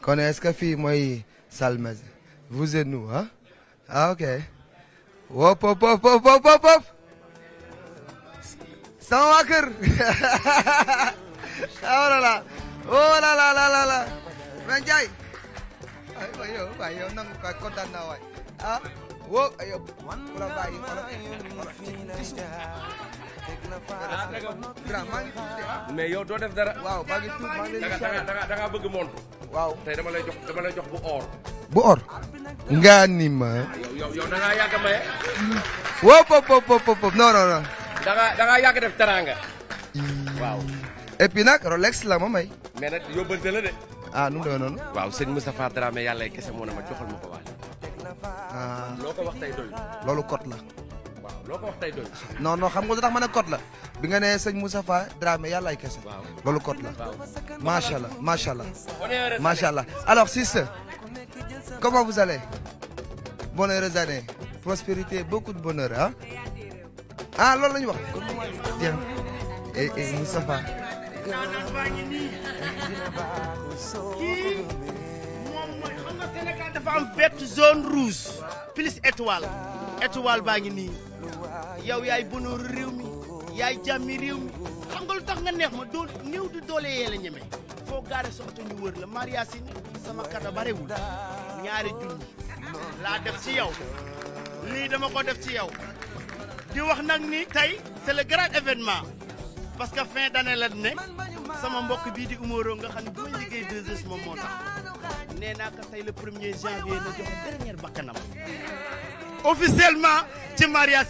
kon est-ce que fii mooy Salmez vous et nous ah ah ok wop wop wop wop wop wop sama waa kër oh là là oh là là là là mais Ndiaye ay waay yow waay yow nangu ko kontaan naa waay ah woo yow ku la bàyyi xoolal xoolal ci suuf grand maa ngi tuub de ah. mais yow doo def dara waaw maa ngi tuub maa ngi leen di da nga bëgg montre waaw tey dama lay jox dama lay jox bu or. bu or. nga ni ma. Ah, yow yow da maye. woo pop pop pop non def teraanga. waaw. et la ma may. mais nag yóbbante de. ah nu noonu. waaw sëñ Moustapha Dramé yàlla kese moo ne ma joxal ma ko waale. Ah. loolu kot la. loo tey doy. non non xam nga lu tax ma ne cote la bi nga nee sëñ Moustapha Dramé yàlla ay kese. waaw loolu cote la. waaw macha allah macha allah. macha allah alors sister comment vous allez. bonne heureuse année prospérité beaucoup de bonheur ah. ah loolu la ñu wax. bien et et Moustapha. moom mooy xam nga Sénégal am verte zone rouge plus étoile étoile baa ngi nii. yaw yaay bonooru réew mi yaay jàmmi réew mi xam nga lu tax nga neex ma doo néew di doole yee la ñeme foo gaare sa oto ñu wër la Maria Sine sama kata barewul ñaari junni laa def ci yow lii dama ko def ci yow di wax nag ni tey c'est le grand événement parce que fin d'année la ne sama mbokk bii di Umaro nga xam ne bu ma liggéey 2S moom moo tax nee ko tey le premier janvier na joxe dernière bakkanam officiellement ci Maria